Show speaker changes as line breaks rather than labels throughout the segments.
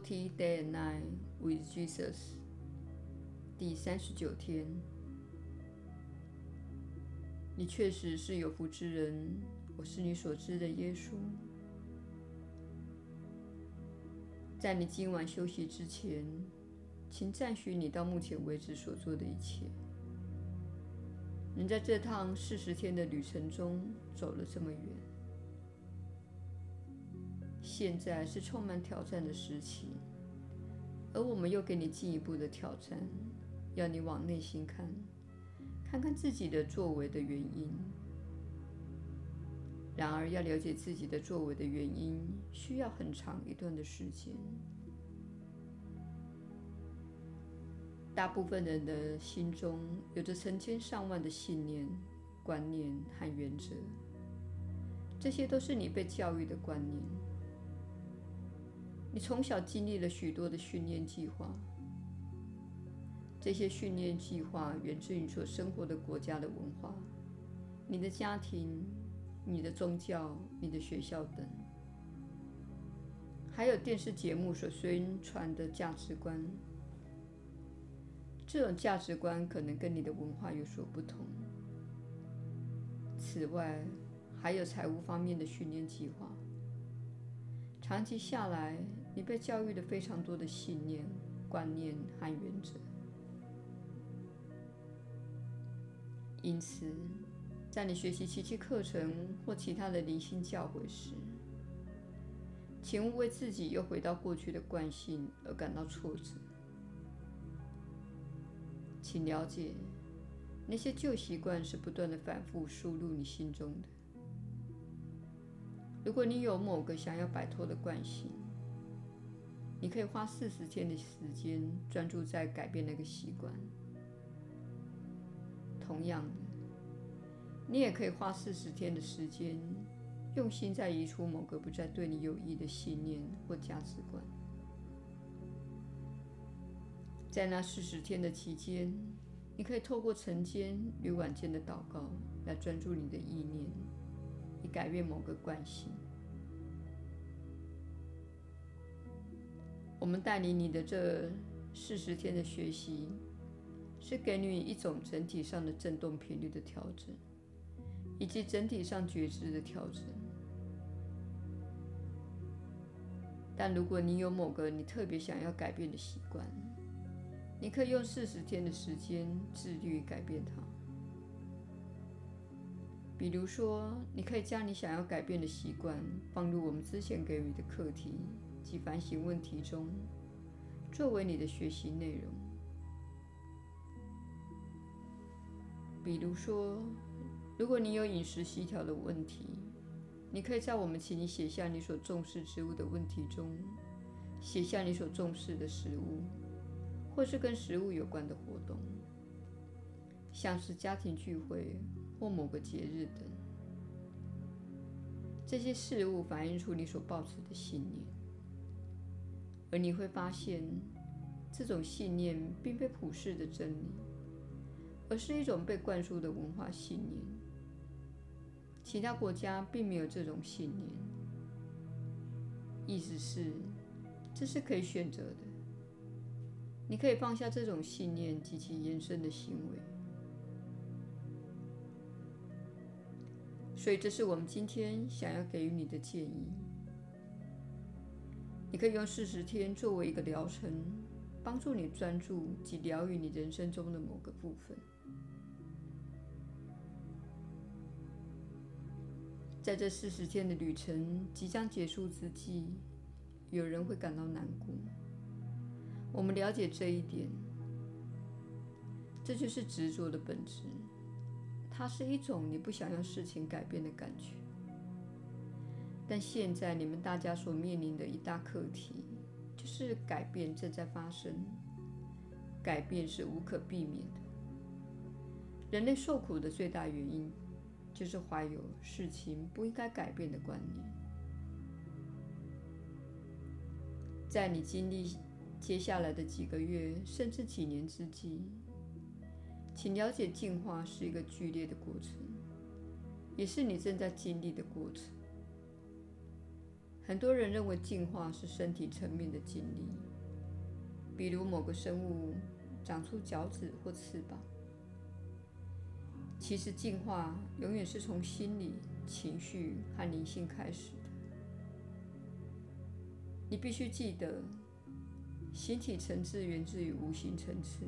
Day and Night with Jesus, 第三十九天，你確實是有福之人。我是你所知的耶穌。在你今晚休息之前，請讚許你到目前為止所做的一切。你在這趟四十天的旅程中走了這麼遠。現在是充滿挑戰的時期，而我們又給你進一步的挑戰，要你往內心看，看看自己的作為的原因。然而，要了解自己的作為的原因，需要很長一段的時間。大部分人的心中有着成千上萬的信念、觀念和原則，這些都是你被教育的觀念。你從小經歷了許多的訓練計劃，這些訓練計劃源自於你所生活的國家的文化、你的家庭、你的宗教、你的學校等，還有電視節目所宣傳的價值觀，這種價值觀可能跟你的文化有所不同。此外，還有財務方面的訓練計劃。長期下來，你被教育了非常多的信念、觀念和原則。因此，在你學習奇蹟課程或其他的靈性教誨時，請勿為自己又回到過去的慣性而感到挫折。請了解，那些舊習慣是不斷地反覆輸入你心中的。如果你有某個想要擺脫的慣性，你可以花四十天的時間專注在改變那個習慣。同樣的，你也可以花四十天的時間用心在移除某個不再對你有益的信念或價值觀。在那四十天的期間，你可以透過晨間與晚間的禱告來專注你的意念。改變某個慣性，我們帶領你的這四十天的學習，是給你一種整體上的振動頻率的調整，以及整體上覺知的調整。但如果你有某個你特別想要改變的習慣，你可以用四十天的時間致力改變它。比如說，你可以將你想要改變的習慣放入我們之前給予你的課題及反省問題中，作為你的學習內容。比如說，如果你有飲食失調的問題，你可以在我們請你寫下你所重視之物的問題中，寫下你所重視的食物，或是跟食物有關的活動，像是家庭聚會。或某個節日等，這些事物反映出你所抱持的信念，而你會發現，這種信念並非普世的真理，而是一種被灌輸的文化信念。其他國家並沒有這種信念，意思是，這是可以選擇的，你可以放下這種信念及其延伸的行為。所以，這是我們今天想要給予你的建議。你可以用四十天作為一個療程，幫助你專注及療癒你人生中的某個部分。在這四十天的旅程即將結束之際，有人會感到難過。我們了解這一點，這就是執着的本質。它是一種你不想讓事情改變的感覺，但現在你們大家所面臨的一大課題，就是改變正在發生，改變是無可避免的。人類受苦的最大原因，就是懷有事情不應該改變的觀念。在你經歷接下來的幾個月，甚至幾年之際，請了解，進化是一個劇烈的過程，也是你正在經歷的過程。很多人認為進化是身體層面的經歷，比如某個生物長出腳趾或翅膀。其實，進化永遠是從心理、情緒和靈性開始的。你必須記得，形體層次源自於無形層次。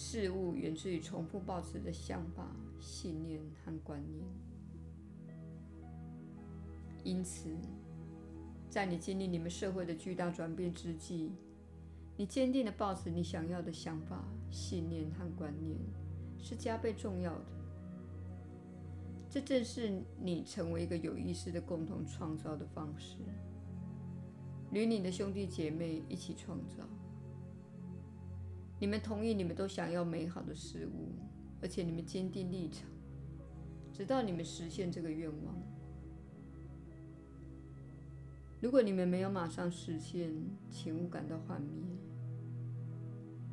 事物源自於重複抱持的想法、信念和觀念。因此，在你經歷你們社會的巨大轉變之際，你堅定地抱持你想要的想法、信念和觀念，是加倍重要的。這正是你成為一個有意識的共同創造的方式，與你的兄弟姐妹一起創造。你們同意，你們都想要美好的事物，而且你們堅定立場，直到你們實現這個願望。如果你們沒有馬上實現，請勿感到幻滅。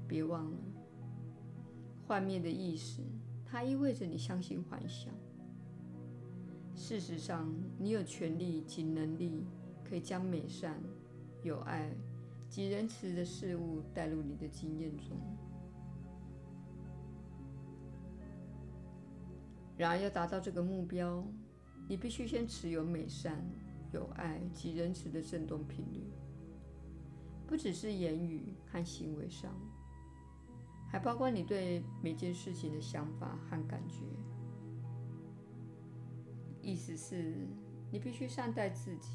別忘了，幻滅的意思，它意味着你相信幻相。事實上，你有權利及能力可以將美善、有愛，及仁慈的事物帶入你的經驗中。然而，要達到這個目標，你必須先持有美善、有愛及仁慈的振動頻率，不只是言語和行為上，還包括你對每件事情的想法和感覺。意思是，你必須善待自己，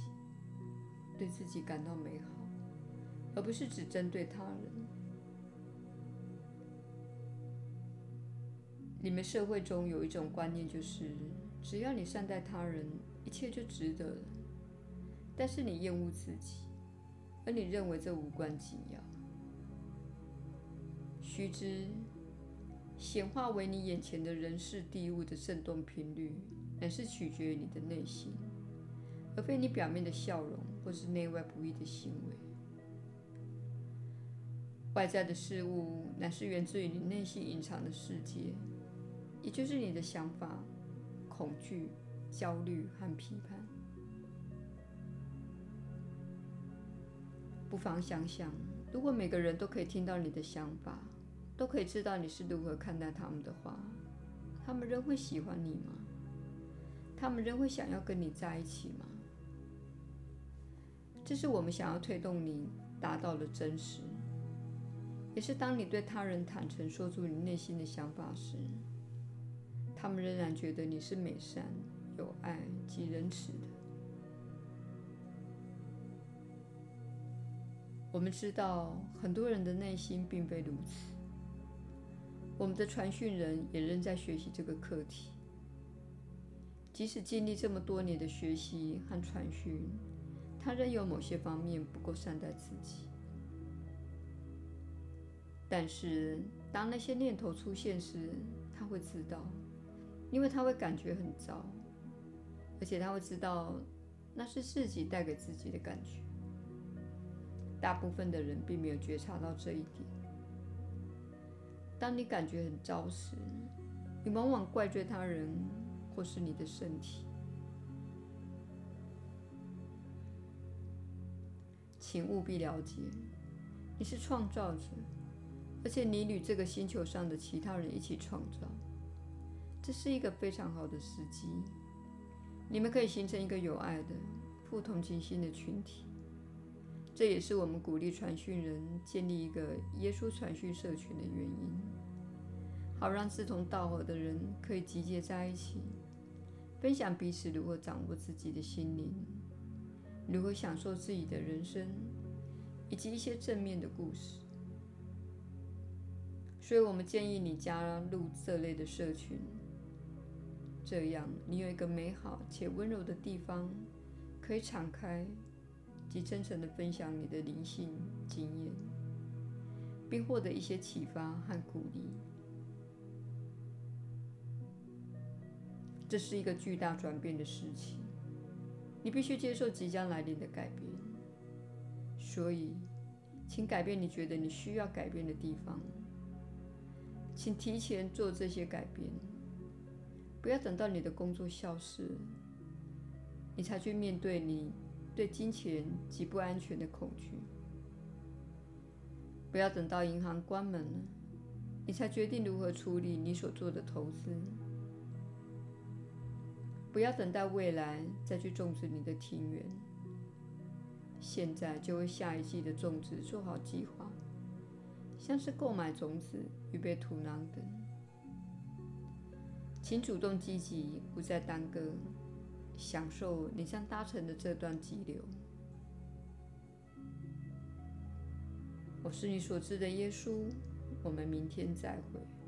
對自己感到美好。而不是只針對他人。你們社會中有一種觀念，就是只要你善待他人，一切就值得了。但是你厭惡自己，而你認為這無關緊要。須知，顯化為你眼前的人事地物的振動頻率，乃是取決於你的內心，而非你表面的笑容或是內外不一的行為。外在的事物乃是源自於你內心隱藏的世界，也就是你的想法、恐懼、焦慮和批判。不妨想想：如果每個人都可以聽到你的想法，都可以知道你是如何看待他們的話，他們仍會喜歡你嗎？他們仍會想要跟你在一起嗎？這是我們想要推動你達到的真實。也是當你對他人坦誠說出你內心的想法時，他們仍然覺得你是美善、有愛、及仁慈的。我們知道很多人的內心並非如此。我們的傳訊人也仍在學習這個課題，即使經歷這麼多年的學習和傳訊，她仍有某些方面不夠善待自己。但是，當那些念頭出現時，她會知道，因為她會感覺很糟，而且她會知道那是自己帶給自己的感覺。大部分的人並沒有覺察到這一點。當你感覺很糟時，你往往怪罪他人或是你的身體。請務必了解，你是創造者。而且，你與這個星球上的其他人一起創造，這是一個非常好的時機。你們可以形成一個有愛的、富同情心的群體。這也是我們鼓勵傳訊人建立一個耶穌傳訊社群的原因，好讓志同道合的人可以集結在一起，分享彼此如何掌握自己的心靈，如何享受自己的人生，以及一些正面的故事。所以我們建議你加入這類的社群，這樣你有一個美好且溫柔的地方，可以敞開及真誠地分享你的靈性經驗，並獲得一些啟發和鼓勵。這是一個巨大轉變的事情，你必須接受即將來臨的改變。所以，請改變你覺得你需要改變的地方。請提前做這些改變，不要等到你的工作消失，你才去面對你對金錢及不安全的恐懼。不要等到銀行關門了，你才決定如何處理你所做的投資。不要等待未來再去種植你的庭園，現在就為下一季的種植做好計劃。像是購買種子、預備土壤等，請主動積極，不再耽擱，享受你將搭乘的這段激流。我是你所知的耶穌，我們明天再會。